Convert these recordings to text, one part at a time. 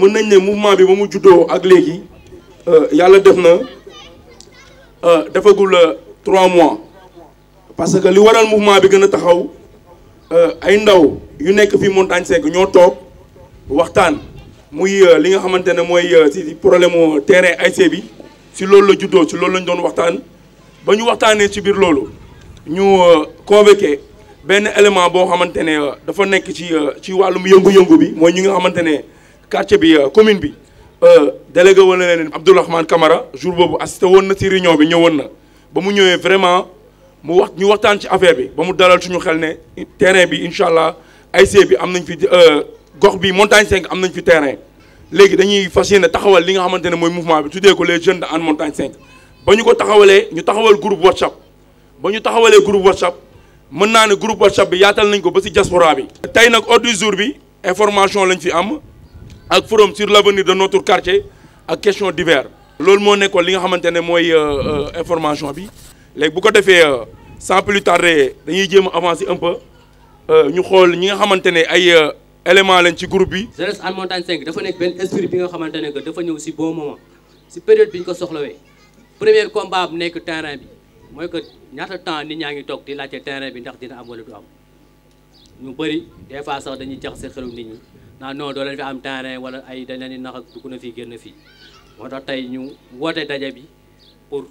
mën nañ ne mouvement bi ba mu juddoo ak léegi euh, yàlla def na euh, defagul euh, trois mois parce que li waral mouvement bi gën a taxaw ay ndaw yu nekk fii Montagne Seck ñoo toog waxtaan muy li nga xamante ne mooy si problème mu terrain ASC bi si loolu la juddoo si loolu lañ doon waxtaan ba ñu waxtaanee ci biir loolu ñu convoqué benn élément boo xamante ne dafa nekk ci ci wàllum yëngu-yëngu bi mooy ñi nga xamante ne. quartier bi euh, commune bi euh, délégué woon na leen Abdourahmane Camara jour boobu assisté woon na ci réunion bi ñëwoon na ba mu ñëwee vraiment mu wax ñu waxtaan si affaire bi ba mu dalal suñu xel ne terrain bi incha allah AIC bi am nañ fi euh, gox bi montagne 5 am nañ fi terrain léegi dañuy fas ne taxawal li nga xamante ne mooy mouvement bi tuddee ko les jeunes de Hann montagne 5 ba ñu ko taxawalee ñu taxawal groupe whatsapp ba ñu taxawalee groupe whatsapp mën naa ne groupe whatsapp bi yaatal nañ ko ba ci diaspora bi. bi information lañ fi am. ak forum sur l'avenir de notre quartier ak question divers loolu moo nekkoon li nga xamantene moy euh, euh, information bi léegi bu ko defee euh, sans plus tarder dañuy jéem avancer un peu ñu xol ñi nga xamantene ay élément lañ ci groupe bi. jeunesse en montagne 5 dafa nek ben esprit bi nga xamantene que dafa ñëw ci bon moment ci période biñ ko soxlawee premier combat bu nekk terrain bi moy que ñaata temps nit ñaa ngi toog di laccé terrain bi ndax dina am wala du am ñu bari des fois sax dañuy jax jaxase xelum nit ñi. naa non doo leen am terrain wala ay dañ leen nax ak dugg na fii génn fii moo tax tey ñu woote daje bi pour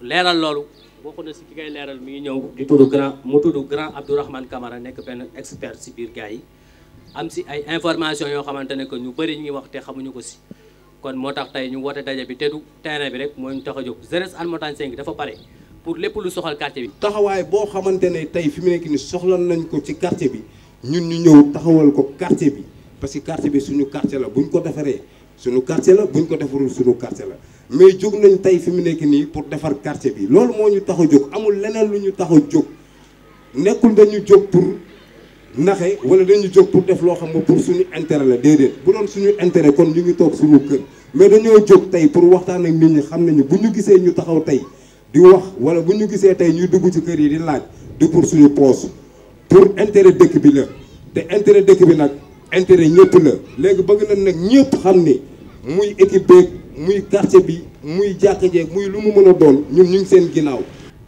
leeral loolu bokk na si ki ngay leeral mi ngi ñëw di tudd grand mu tudd grand Abdourahmane Camara nekk benn expert si biir gars yi am si ay information yoo xamante ne que ñu bëri ñu ngi wax te xamuñu ko si kon moo tax tey ñu woote daje bi te du terrain bi rek moo ñu tax a jóg jeunesse en montagne 5 dafa pare pour lépp lu soxal quartier bi. taxawaay boo xamante ne tey fi mu nekk ni soxla nañ ko ci quartier bi ñun ñu ñëw taxawal ko quartier bi. parce que quartier bi suñu quartier la buñ ko defaree suñu quartier la buñ ko defarul suñu quartier la mais jóg nañ tey fi mu nekk nii pour defar quartier bi loolu moo ñu tax a jóg amul leneen lu ñu tax jóg nekkul dañu jóg pour naxe wala dañu jóg pour def loo xam ne pour suñu intérêt la déedéet bu doon suñu intérêt kon ñu ngi toog suñu kër mais dañoo jóg tey pour waxtaan ak nit ñi xam nañu bu ñu gisee ñu taxaw tey di wax wala bu ñu gisee tey ñuy dugg ci kër yi di laaj du pour suñu poos pour intérêt dëkk bi la te intérêt dëkk bi nag intérêt ñëpp la léegi bëgg nañ nag ñëpp xam ni muy équipe beeg muy quartier bi muy jàkka jeeg muy lu mu mën a doon ñun ñu seen ginnaaw.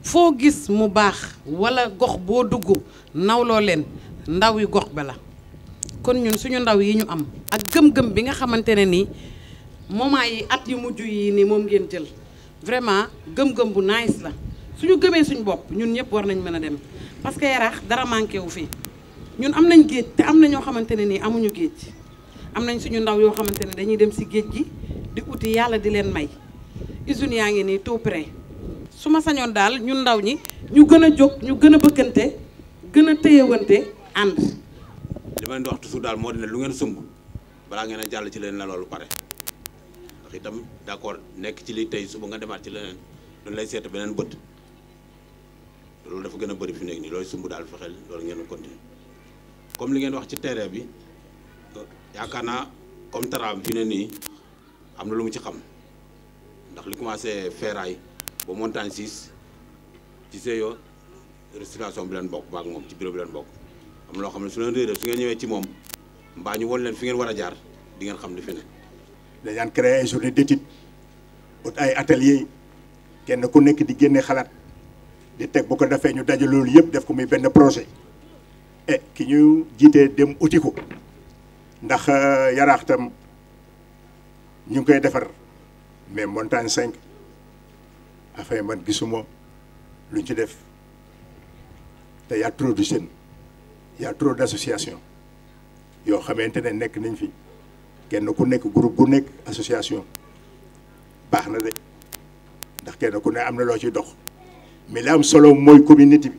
foo gis mu baax wala gox boo dugg nawloo leen ndaw yu gox ba la kon ñun suñu ndaw yi ñu am ak gëm-gëm bi nga xamante ne nii moment yi at yu mujj yi nii moom ngeen jël vraiment gëm-gëm bu nice la suñu gëmee suñu bopp ñun ñëpp war nañ mën a dem parce que yaraax dara manqué wu fi. ñun am nañ géej te am na ñoo xamante ne nii amuñu géej am nañ suñu ndaw yoo xamante ne dañuy dem si géej gi di uti yàlla di leen may usine yaa ngi nii tout près su ma sañoon daal ñun ndaw ñi ñu gën a jóg ñu gën a bëggante gën a téyewante ànd. li ma leen di wax daal moo di ne lu ngeen sumb balaa ngeen a jàll ci leen la lu pare ndax itam d'accord nekk ci lii tey suba nga demaat ci leneen dañ lay seet beneen bët loolu dafa gën a bëri fi nekk nii looy daal fexeel loolu ngeen continuer comme li ngeen wax ci terrain bi yaakaar naa comme tara bi fi ne nii am na lu mu ci xam ndax li commencé ferraille ba montagne 6 ci yoo restauration bu leen bokk maak moom ci bureau bi leen bokk am loo xam ne su leen réeré su ngeen ñëwee ci moom mbaa ñu won leen fi ngeen war a jaar di ngeen xam li fi ne dañ daan créer ay journée d'étude ut ay atelier kenn ku nekk di génne xalaat di teg bu ko defee ñu daje loolu yëpp def ko muy benn projet e ki ñu jiitee dem uti ko ndax euh, yaraax tam ñu ngi koy defar mais montagne 5 affaire man gisuma luñ ci def te y a trop de jeunes y trop d'associations yoo xamante ne nekk nañ fi kenn ku nekk groupe bu nekk association baax na de ndax kenn ku ne am na loo ci dox mais li am solo mooy communauté bi.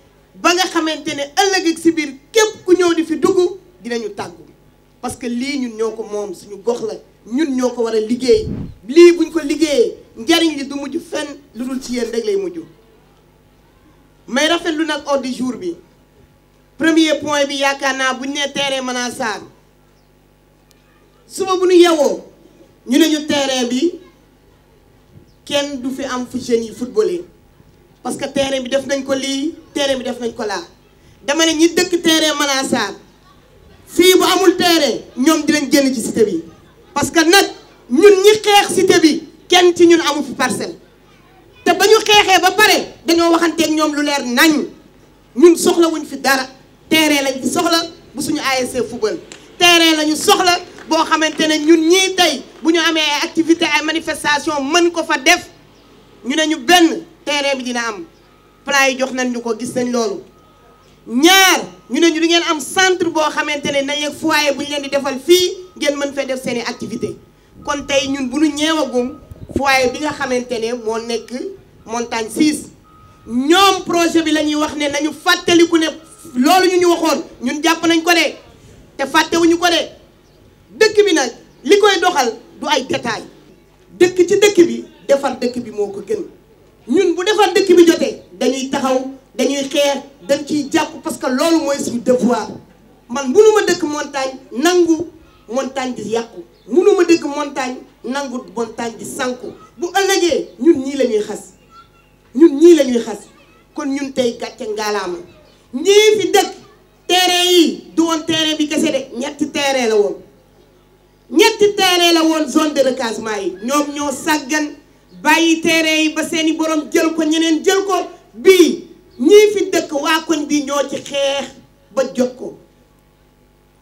ba nga xamante ne ëllëg ak si biir képp ku ñëw di fi dugg dinañu tàggu parce que lii ñun ñoo ko moom suñu gox la ñun ñoo ko war a liggéey lii buñ ko liggéeyee njariñ li du mujj fenn lu dul ci yéen rek lay mujj mais rafetlu nag ordre du jour bi premier point bi yaakaar naa buñ nee terrain Manar Sarr suba bu ñu yewoo ñu ne ñu terrain bi kenn du fi am fu jeunes yi footballé parce que terrain bi def nañ ko li terrain bi def nañ ko la dama ne ñi dëkk terrain Manassar fi bu amul terrain ñom di lañ génn ci cité bi parce que nak ñun ñi xex cité bi kenn ci ñun amu fi parcelle te bañu xexé ba pare dañoo ak ñom lu leer nañ ñun soxla wuñ fi dara terrain lañ fi soxla bu suñu ASC football terrain lañu soxla bo xamantene ñun ñi tay bu ñu amé ay activité ay manifestation mën ko fa def ñu ne ñu benn terrain bi dina am plan yi jox nañ ñu ko gis nañ loolu ñaar ñu ne ñu du ngeen am centre boo xamante ne nañ ak foyer bu ñu leen di defal fii ngeen mën fee def seen i activité kon tey ñun bu ñu ñeewagum foyer bi nga xamante ne moo nekk montagne 6 ñoom projet bi lañuy wax ne nañu fàttaliku ne loolu ñu ñu waxoon ñun jàpp nañ ko de te fàttewuñu ko de dëkk bi nag li koy doxal du ay détail dëkk ci dëkk bi defar dëkk bi moo ko gën ñun bu defar dëkk bi jotee dañuy taxaw dañuy xeex dañ ciy jàpp parce que loolu mooy suñu devoir man munuma dëkk montagne nangu montagne di yàqu munuma dëkk montagne nangu montagne di sànku bu ëllëgee ñun ñii la ñuy xas ñun ñii la ñuy xas kon ñun tey gàcce ngaalaama ñii fi dëkk terrain yi du woon terrain bi kese de ñetti terrain la woon ñetti terrain la woon zone de recasement yi ñoom ñoo sàggan bàyyi terrain yi ba seeni borom jël ko ñeneen jël ko bii ñii fi dëkk waa koñ bii ñoo ci xeex ba jot ko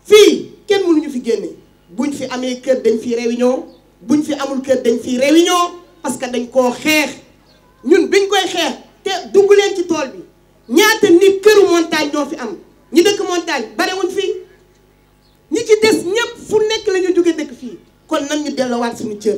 fii kenn mënuñu fi génne buñ fi amee kër dañ fi réunion buñ fi amul kër dañ fi réunion parce que dañ koo xeex ñun biñ koy xeex te dugg leen ci tool bi ñaata nit këru montagne ñoo fi am ñi dëkk montagne barewuñ fi ñi ci des ñëpp fu nekk la ñu jóge dëkk fii kon nan ñu dellowaat suñu cër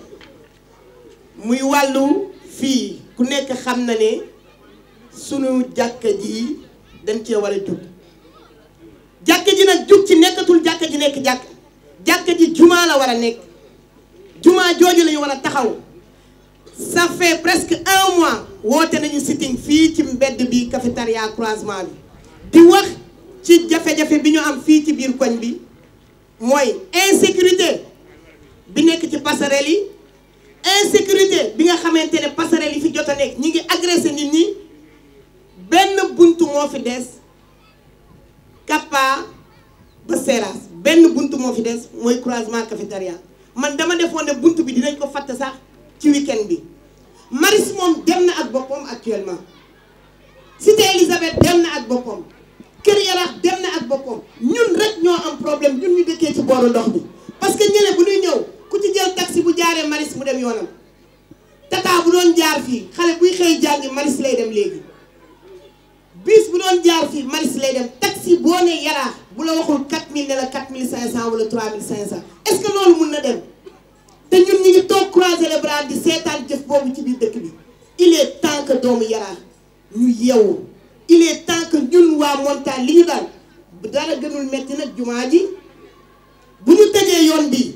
muy wàllu fii ku nekk xam na ne sunu jàkka ji dañ cee war a jug jàkka ji nag jug ci nekkatul jàkka ji nekk jàkk jàkka ji jumaa la war a nekk jumaa jooju lañu war a taxaw ça fait presque un mois woote nañu sitting fii ci mbedd bi cafétéria croisement bi di wax ci jafe-jafe bi ñu am fii ci biir koñ bi mooy insécurité bi nekk ci passerelle yi insécurité bi nga xamantene ne passerelle fi jot a ñi ngi agressé nit ñi benn buntu mo fi dess Kappa ba séras benn buntu mo fi dess moy croisement cafétéria man dama defoon buntu bi dinañ ko fatte sax ci week-end bi Maris mom dem na ak bopom actuellement Cité Elisabeth dem na ak bopom Kër yara dem na ak bopom ñun rek ñoo am problème ñun ñu dëkké ci booru ndox bi parce que ñëlé bu ñuy ñëw ci jël taxi bu jaaree maris mu dem yoonam tata bu doon jaar fii xale buy xëy jàngi maris lay dem léegi bis bu doon jaar fii maris lay dem taxi boo ne yaraax bu la waxul 4000 ne la 4500 wala 3500 est-ce que loolu mun na dem te ñun ñu ngi toog croiser les bras di seetaan jëf boobu ci biir dëkk bi il est que doomu yaraax ñu yeewu il est temps que ñun waa montagne li ñu daal dara gënul metti nag jumaa ji bu ñu tëjee yoon bi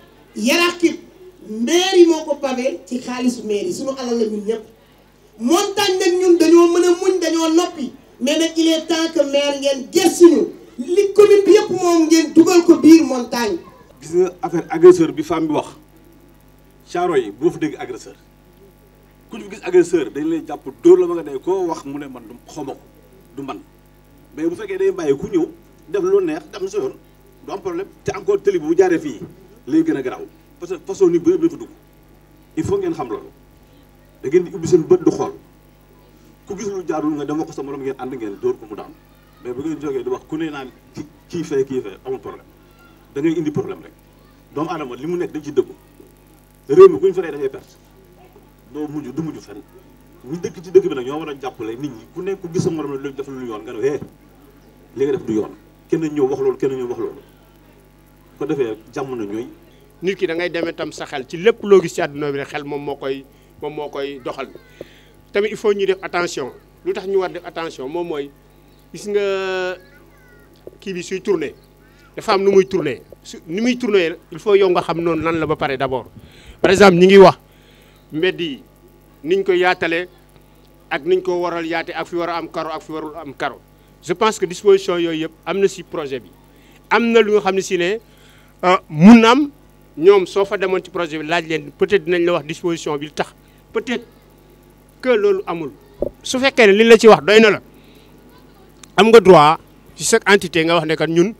Yarakib maire yi moo pavé ci xaalisu maire suñu alal la ñun ñëpp montagne ñun dañoo mëna muñ dañoo nopi mais nak il est temps que maire ngeen gëstuñu li commune bi yépp moom ngeen duggal ko biir montagne. gis nga affaire agresseur bi femme bi wax charo yi boo fa dégg agresseur ku ñu gis agresseur dañ lay jàpp dóor la ma nga dee koo wax mu ne man du xoma du man mais bu fekkee day bàyyi ku ñëw def lu neex dem sa yoon du am problème te encore tëli bu jaaree fii. léegi nag a garaaw que façon nit bu yëpp dafa dugg il faut ngeen xam loolu da ngeen di ubbi seen bët du xool ku gis lu jaarul nga dama ko sa morom ngeen ànd ngeen dóor ko mu daan mais bu ngeen jógee di wax ku ne naan ci kii fee kii da ngay indi problème rek doomu aadama li mu nekk dañ ci dëggu réew mi ku ñu fa da ngay perte doo mujj du mujj fenn ñu dëkk ci dëkk bi nag ñoo war a jàppale nit ñi ku ne ku gis sa morom la def lu yoon nga ne hee li nga def du yoon kenn ñëw wax loolu kenn ñëw wax loolu ko defee jàmm na ñooy nit ki da ngay tam sa xel ci lépp gis ci Il bi xel koy il faut ñu def attention lutax ñu war def attention mom moy gis nga bi tourner ni il faut yow nga xam la ba d'abord par exemple ñi ngi wax faut niñ ko ak niñ ko waral ak fi wara am ak fi warul am je pense que disposition projet bi lu nga euh, ñoom soo fa demoon ci projet bi laaj leen peut-être dinañ la wax disposition bi tax peut-être loolu amul su fekkee ne li la ci wax doy na la am nga droit ci chaque entité nga wax ne kat ñun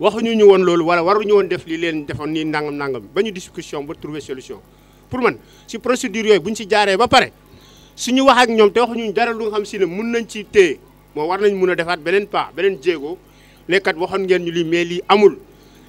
waxuñu ñu woon loolu wala waruñu woon def lii leen defoon nii nangam nangam ba ñu discussion ba trouver solution pour man si procédure yooyu bu si jaaree ba pare suñu wax ak ñoom te waxuñu dara lu xam si ne mun nañ ci téye moo war nañ mun a defaat beneen pas beneen jéego lekkat waxoon ngeen ñu lii mais lii amul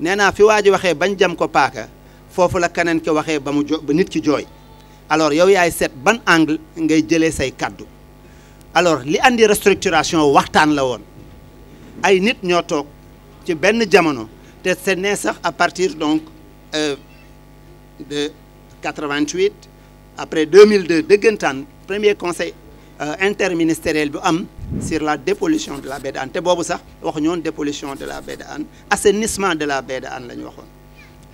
nee fi waa ji waxee bañ jam ko paaka foofu la keneen ki waxee ba mu jo ba nit ki jooy alors yow yaay set ban angle ngay jëlee say kàddu alors li andi restructuration waxtaan la woon ay nit ñoo toog ci benn jamono te c'est né sax à partir donc euh, de 88 après 2002 dëggantaan premier conseil euh, interministériel bu am sur la dépollution de la baie de et te boobu sax waxu ñoon dépollution de la baie de assainissement de la baie de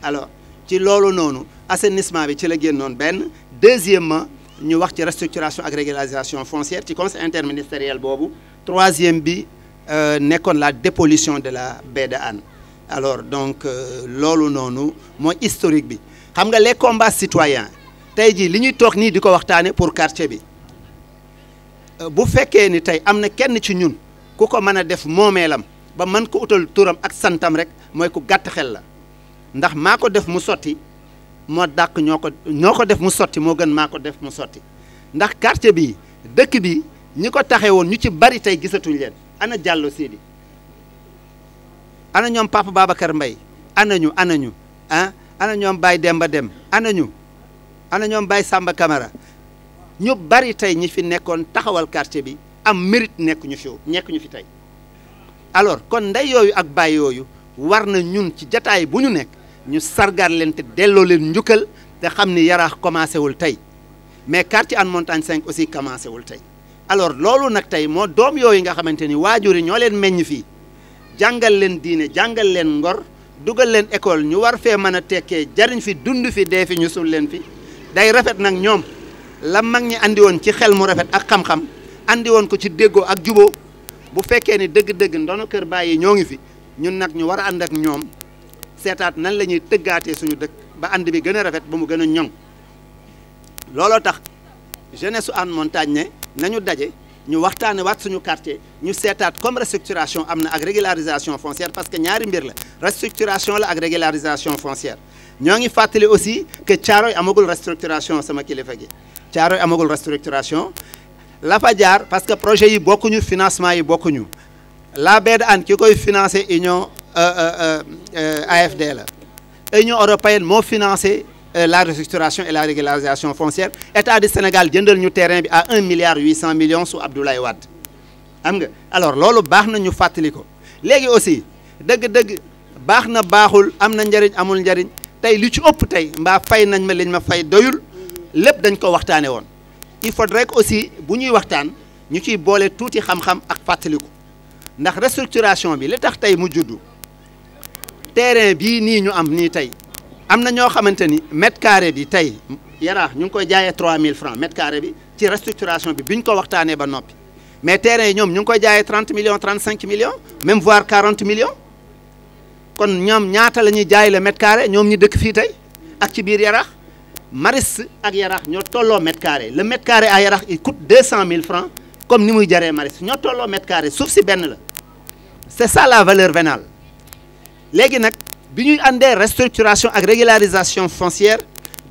alors ci lolu nonu assainissement bi ci la génnoon ben deuxièmement ñu wax ci restructuration agrégalisation régularisation foncière ci conseil interministériel bobu troisième bi euh, la dépollution de la baie de alors donc euh, lolu nonu mooy historique bi xam nga les combats citoyens tay ji li ñuy toog nii pour quartier bi Euh, bu fekkee ni tey am na kenn ci ñun ku ko mën a def moomeelam ba mën ko utal turam ak santam rek mooy ku gàtt xel la ndax maa ko def mu sotti moo dàq ñoo ko ñoo ko def mu sotti moo gën maa ko def mu sotti ndax quartier bi dëkk bi ñi ko taxee woon ñu ci bari tey gisatuñ leen ana Diallo Sidi ana ñoom Papa Babacar Mbaye ana ñu ana ñu ah ana ñoom Baye Demba Dem ana ñu ana ñoom Baye Samba Camara ñu bari tey ñi fi nekkoon taxawal quartier bi am mérite nekk ñu fi nekk ñu fi tey alors kon ndey yooyu ak baay yooyu war na ñun ci jataay bu ñu nekk ñu sargar leen te delloo leen njukkal te xam ni yaraax commencé wul tey mais quartier Hann Montagne aussi commencé wul tey alors loolu nag tey moo doom yooyu nga xamante ni waajur yi ñoo leen meññ fii jàngal leen diine jàngal leen ngor dugal leen école ñu war fee mën a tekkee jariñ fi dund fi dee fi ñu sul leen fi day rafet nag ñoom la mag ñi andi woon ci xel mu rafet ak xam-xam andi woon ko ci déggoo ak juboo bu fekkee ne dëgg-dëgg ndono kër bàyyi ñoo ngi fi ñun nag ñu war a ànd ak ñoom seetaat nan la ñuy tëggaatee suñu dëkk ba ànd bi gën a rafet ba mu gën a ñoŋ looloo tax jeunesse su Hann Montagne ne ñu daje ñu waxtaane waat suñu quartier ñu seetaat comme restructuration am na ak régularisation foncière parce que ñaari mbir la restructuration la ak régularisation foncière ñoo ngi fàttali aussi que Thiaroye amagul restructuration sama kilifa gi Caaroy amagul restructuration la fa parce que projet yi bokkuñu financement yi bokkuñu la baie de Hann ki koy financé union euh, euh, euh, AFD la union européenne moo financé la restructuration et la régularisation foncière état du Sénégal jëndal ñu terrain bi à un milliard huit cent millions sous Abdoulaye Wade am nga alors loolu baax na ñu fàttali ko aussi deug, deug, baax na amna am amul njëriñ Tay, li ci ëpp tey mbaa fay nañ ma liñ ma fay doyul dañ ko il faudrait aussi que ñuy ñu ciy bolé touti xam-xam ak fateliku ndax restructuration bi li tax tay mu juddou terrain ñu am mètre carré bi tay yara ñu koy 3000 francs mètre carré bi ci restructuration bi ko mais terrain ñom ñu 30 millions 35 millions même voire 40 millions kon ñom ñaata la jaay le mètre carré Maris ak Yarax ñoo mètre carré le mètre carré à Yarax il coûte 200.000 000 francs comme ni muy jaree ñoo mètre carré sauf si c'est ça la valeur vénale léegi si nous ñuy des restructurations ak régularisation foncière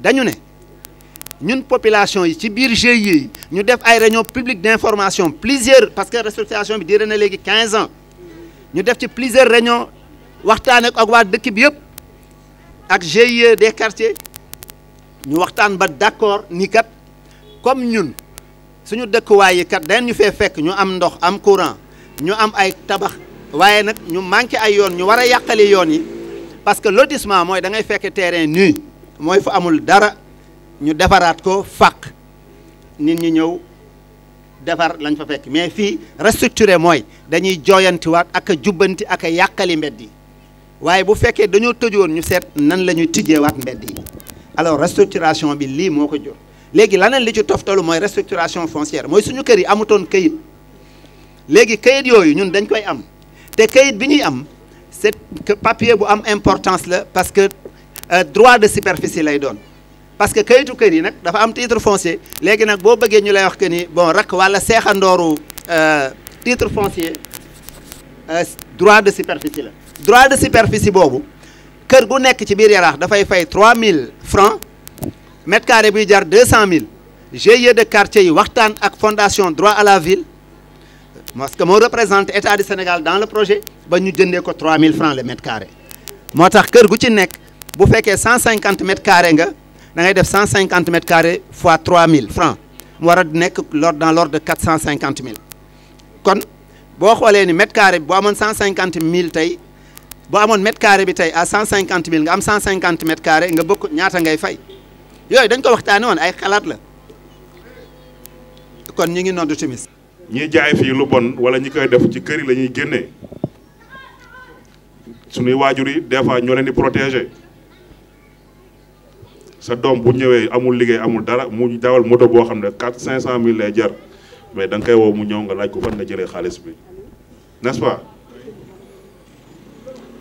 nous avons une population yi ci biir GIE ñu def réunion publique d'information plusieurs parce que restructuration bi 15 ans nous def plusieurs réunions waxtaan ak des dëkk bi GIE des quartiers ñu waxtaan ba d'accord ni kat comme ñun suñu dëkkuwaay yi kat dañ ñu fee fekk ñu am ndox am courant ñu am ay tabax waaye nag ñu manqué ay yoon ñu war a yàqali yoon yi parce que lotissement mooy da ngay fekk terrain mooy amul dara ñu defaraat ko fàq nit ñi ñëw defar lañ fa fekk mais fii restructuré mooy dañuy jooyantiwaat ak a jubbanti ak a yàqali mbedd yi waaye bu fekkee dañoo tëjoon ñu seet nan la ñuy tijjeewaat mbedd yi alors restructuration bi ce moko lanen li ci toftalu moy restructuration foncière moy suñu kër yi amutoon kayit léegi kayit ñun dañ koy am te am c'est que papier bu am importance la parce que euh, droit de superficie lay doon parce que kayitu yi dafa titre foncier léegi nak bo ñu lay wax que ni bon rak euh, titre foncier euh, droit de superficie droit de superficie bobu kër gu nekk ci biir yaraax dafay fay 3000 francs mètre carré bi jar 200000 GIE de quartier yi waxtaan ak fondation droit à la ville ce que je représente l'État du Sénégal dans le projet ba ñu jëndé ko 3000 francs le mètre carré moo tax kër gu ci 150 mètres carrés. nga da 150 mètres carré fois 3000 francs mu war a dans l'ordre de 450 000 kon vous xoolee ni mètre carré bu 150 000 bo amoon mètre carré bi tey à cent cinquante mille nga am cent cinquante mètre carré nga bokk ñaata ngay fay yooyu dañ ko waxtaanee woon ay xalaat la kon ñu ngi timis ñi jaay fii lu bon wala ñi koy def ci kër yi la ñuy leen di protéger sa dom bu ñëwee amul liggéey amul dara mu dawal moto boo xam ne quatre lay jar mais da nga koy mu ñëw nga laaj ko fan nga jëlee xaalis bi n'est-ce pas.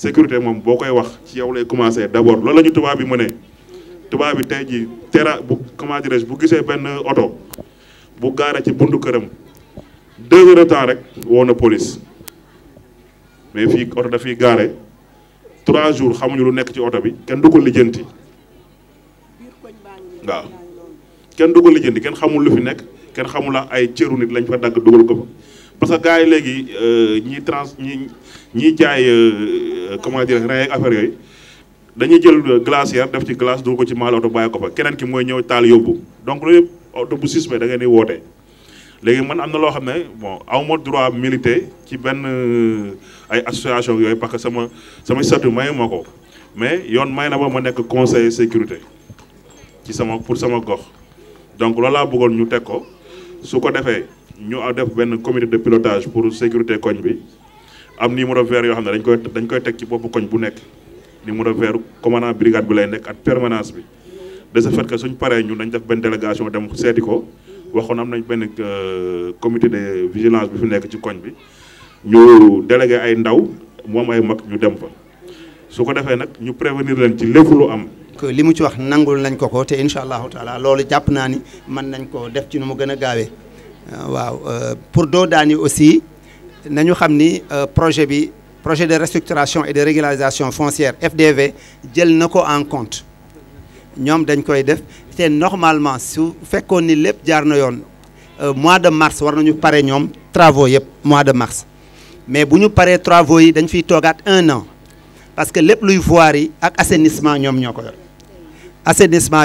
sécurité moom boo koy wax ci yow lay commencé d' abord loolu ñu tubaab bi mu ne tubaab bi tey jii tera bu comment dirais-je bu gisee benn oto bu gaare ci buntu këram deux heures temps rek woo na police mais fii oto dafiy gaare trois jours xamuñu lu nekk ci oto bi kenn du ko lijjanti waaw kenn du ko lijjanti kenn xamul lu fi nekk kenn xamula ay cëru nit lañ fa dagg dugal ko parce que gars yi léegi euh, ñi trans ñi ñiy jaay euh, euh, comment dire rein affaire yooyu dañuy jël glacière def ci glace dugg ko ci maal oto bàyyi ko fa keneen ki mooy ñëw taal yóbbu donc loolu yëpp oto bu suspect da ngeen di woote. léegi man am na loo xam ne bon aw ma droit milité ci benn ay association yooyu parce que sama sama statut mayu ma ko mais yoon may na ba ma nekk conseiller sécurité ci sama pour sama gox donc loolu laa bëggoon ñu teg ko su ko defee. ñu def benn comité de pilotage pour sécurité koñ bi am numéro vert yoo xam ne dañ koy dañ koy teg ci boppu koñ bu nekk numéro vert commandant brigade bi lay nekk ak permanence bi de ce fait suñ paree ñun dañ def benn délégation dem seeti ko waxoon am nañ benn euh, comité de vigilance bi fi nekk ci koñ bi ñu délégué ay ndaw moom am ay mag ñu dem fa su ko defee nag ñu prévenir leen ci lépp lu am. li mu ci wax nangul nañ ko ko te incha allahu taala loolu jàpp naa ni mën nañ ko def ci nu mu gën a gaawee. Euh, pour Dodani aussi nous avons euh, projet projet de restructuration et de régularisation foncière FDV en compte normalement su fekkoon ni jaar na euh, mois de mars war nañu pare ñoom mois de mars mais bu nous paree travaux yi dañ un an parce que lépp luy voirie ak assainissement ñoom assainissement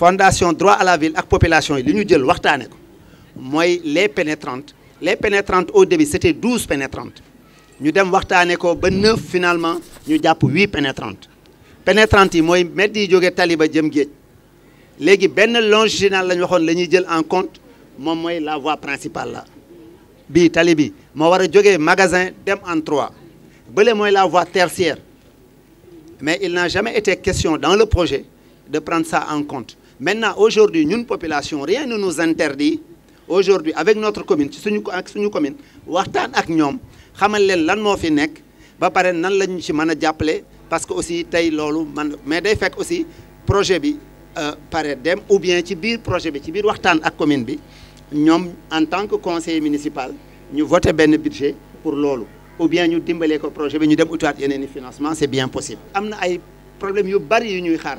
fondation droit à la ville ak population Il li ñu les pénétrantes les pénétrantes au début c'était 12 pénétrantes Nous avons waxtaane ko ba finalement ñu avons 8 pénétrantes pénétrantes yi mooy mbedd yi jógee taliba jëm Les gens ben longitudinal la ñu la en compte c'est la voie principale la talibans, tali bi magasin dem en trois bële la voie tertiaire mais il n'a jamais été question dans le projet de prendre ça en compte Maintenant, aujourd'hui, nous, population, rien ne nous interdit, aujourd'hui, avec notre commune, nous, avec notre commune, waxtaan ak xamal lan mo fi ba parce que aussi tay lolu man mais day fekk aussi projet bi euh, ou bien ci projet bi ci biir waxtaan commune bi en tant que conseiller municipal ñu voter ben budget pour lolu ou bien ñu nous ko projet nous ñu dem outuat financement c'est bien possible. amna ay problème yu bari yu ñuy xaar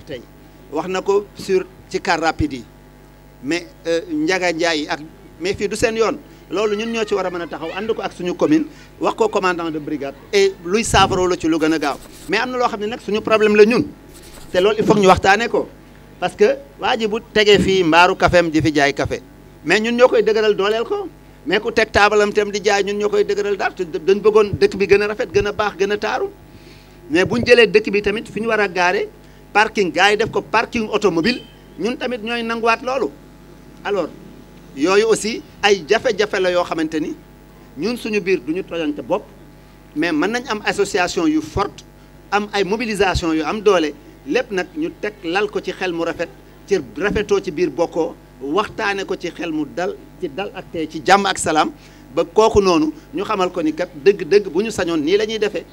sur. ci car rapide yi mais euh, njaga njaay yi ak mais fii du seen yoon loolu ñun ñoo ci war a mën a taxaw ànd ko ak suñu commune wax ko commandant de brigade et luy saafara la ci lu gën a gaaw mais am na loo xam ne nag suñu problème la ñun te loolu il faut ñu waxtaanee ko parce que waa ji bu tegee fii mbaaru kafeem di fi jaay kafe mais ñun ñoo koy dëgëral dooleel ko mais ku teg taabalam tam di jaay ñun ñoo koy dëgëral daal te dañ bëggoon dëkk bi gën a rafet gën a baax gën a taaru mais bu ñu dëkk bi tamit fi ñu war a gaare parking gars yi def ko parking automobile ñun tamit ñooy nanguwaat loolu alors yooyu aussi ay jafe-jafe la yoo xamante ni ñun suñu biir duñu ñu tojante bopp mais mën nañ am association yu forte am ay mobilisation yu am doole lépp nag ñu teg lal ko ci xel mu rafet ci rafetoo ci biir bokkoo waxtaane ko ci xel mu dal ci dal ak tey ci jàmm ak salaam ba kooku noonu ñu xamal ko ni kat dëgg-dëgg bu ñu sañoon nii la ñuy defee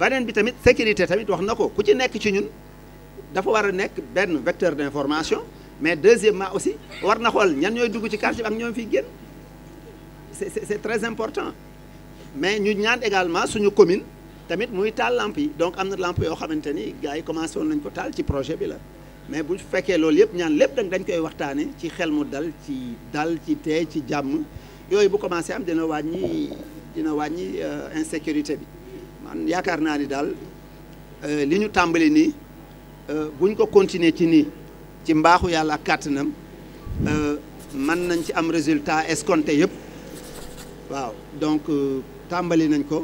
beneen bi tamit sécurité tamit wax na ko ku ci nekk ci ñun dafa war a nekk benn vecteur d'information mais deuxièmement aussi war na xool ñan ñoy dugg ci quartier ak ñom fi fiy c'est c'est très important mais ñu ñaan également suñu commune tamit muy tal lampe yi donc amna lampe yo xamanteni xamante ni gars commencé woon nañ ko tal ci projet bi la mais bu fekkee lool yépp ñaan lépp nag dañ koy waxtané ci xel mu dal ci dal ci té ci jamm yoy bu commencé am dina wañi dina wañi euh, insécurité bi man yaakar na ni daal euh, li ñu tàmbali ni euh, buñ ko continuer ci ni ci mbaxu yalla katanam euh man nañ ci am résultat escompté yépp waaw donc euh, tambali nañ ko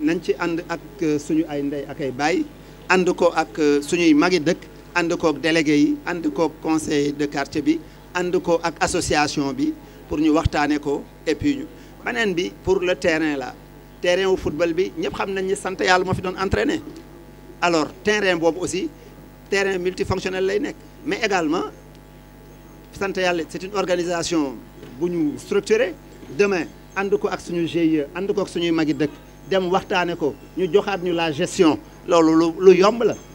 nañ ci and ak euh, suñu ay ndey ak ay baay ànd ko ak suñuy magi dëkk ko ak délégué yi and ko ak conseil de quartier bi and ko ak association bi pour ñu waxtané ko et puis ñu beneen bi pour le terrain là terrain wu football bi ñëpp xam nañ ni sante yalla mo fi doon entraîner alors terrain boobu aussi terrain multifonctionnel lay nekk mais également c'est une organisation bu structurée demain ànd ko ak suñu GIE ànd ko ak suñu magi dëkk dem waxtane ko ñu joxat ñu la gestion lolu lu lu yomb la